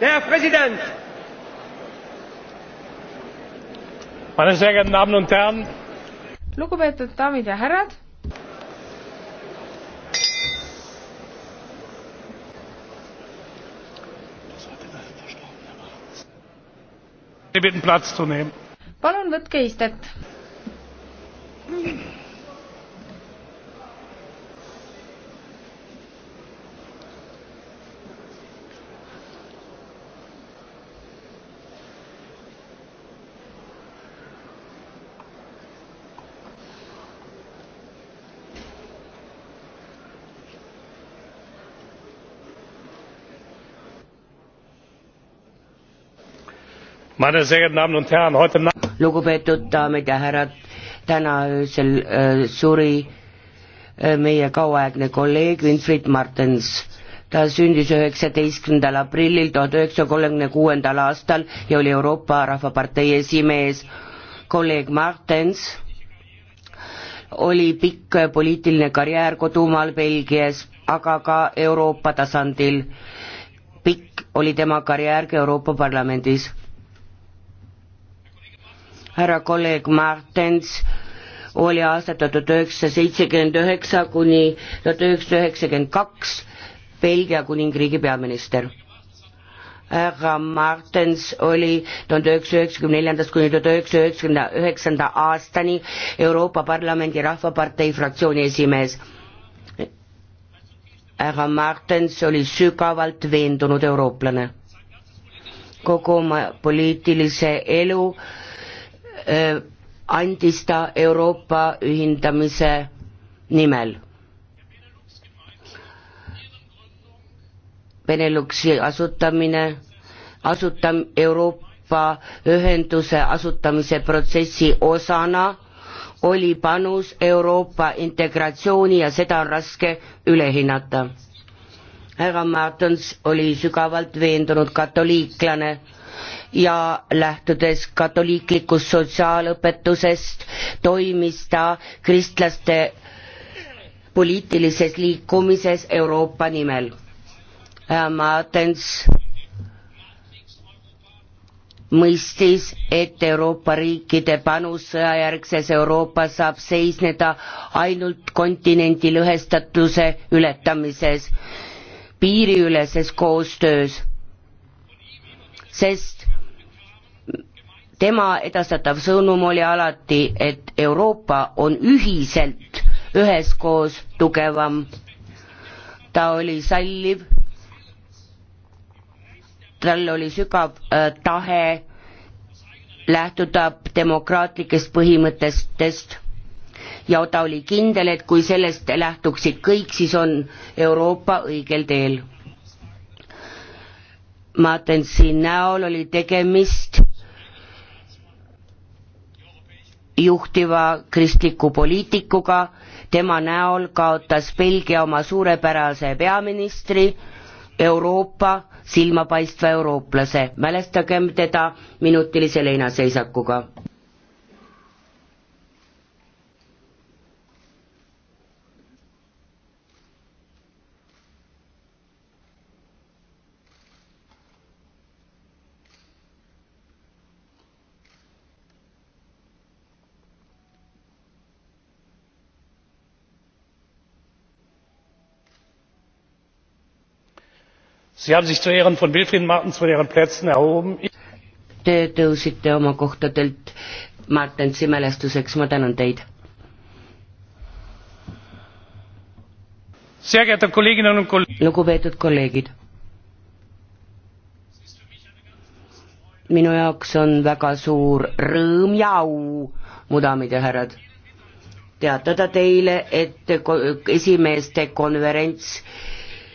Der Präsident! Meine sehr geehrten Damen und Herren! Lugupeetud daamid ja härrad! Sie bitten Platz zu nehmen. Palun võtke istet. lugupeetud daamid ja härrad, täna öösel äh, suri äh, meie kauaaegne kolleeg Winfried Martens. ta sündis üheksateistkümnendal aprillil tuhat üheksasaja kolmekümne kuuendal aastal ja oli Euroopa Rahvapartei esimees. kolleeg Martens oli pikk äh, poliitiline karjäär kodumaal Belgias, aga ka Euroopa tasandil. pikk oli tema karjäär ka Euroopa Parlamendis härra kolleeg Martens oli aastat tuhat üheksasada seitsekümmend üheksa kuni tuhat üheksasada üheksakümmend kaks Belgia kuningriigi peaminister. härra Martens oli tuhande üheksasaja üheksakümne neljandast kuni tuhande üheksasaja üheksakümne üheksanda aastani Euroopa Parlamendi Rahvapartei fraktsiooni esimees. härra Martens oli sügavalt veendunud eurooplane. kogu oma poliitilise elu äh, Äh, andis ta Euroopa ühindamise nimel. Beneluxi asutamine, asutam-, Euroopa ühenduse asutamise protsessi osana oli panus Euroopa integratsiooni ja seda on raske üle hinnata. härra Martens oli sügavalt veendunud katoliiklane ja lähtudes katoliiklikust sotsiaalõpetusest toimis ta kristlaste poliitilises liikumises Euroopa nimel. Äh, Martens mõistis, et Euroopa riikide panus sõjajärgses Euroopas saab seisneda ainult kontinendi lõhestatuse ületamises, piiriüleses koostöös sest tema edastatav sõnum oli alati, et Euroopa on ühiselt üheskoos tugevam. ta oli salliv, tal oli sügav äh, tahe lähtuda demokraatlikest põhimõtetest ja ta oli kindel, et kui sellest lähtuksid kõik, siis on Euroopa õigel teel Matensi näol oli tegemist juhtiva kristliku poliitikuga, tema näol kaotas Belgia oma suurepärase peaministri, Euroopa, silmapaistva eurooplase, mälestagem teda minutilise leinaseisakuga. Sie haben sich zu Ehren von Wilfried Martens von Ihren Plätzen erhoben. Te tõusite oma kohtadelt Martensi mälestuseks, ma tänan teid. lugupeetud kolleegid. minu jaoks on väga suur rõõm ja au, mu daamid ja härrad teatada teile, et esimeeste konverents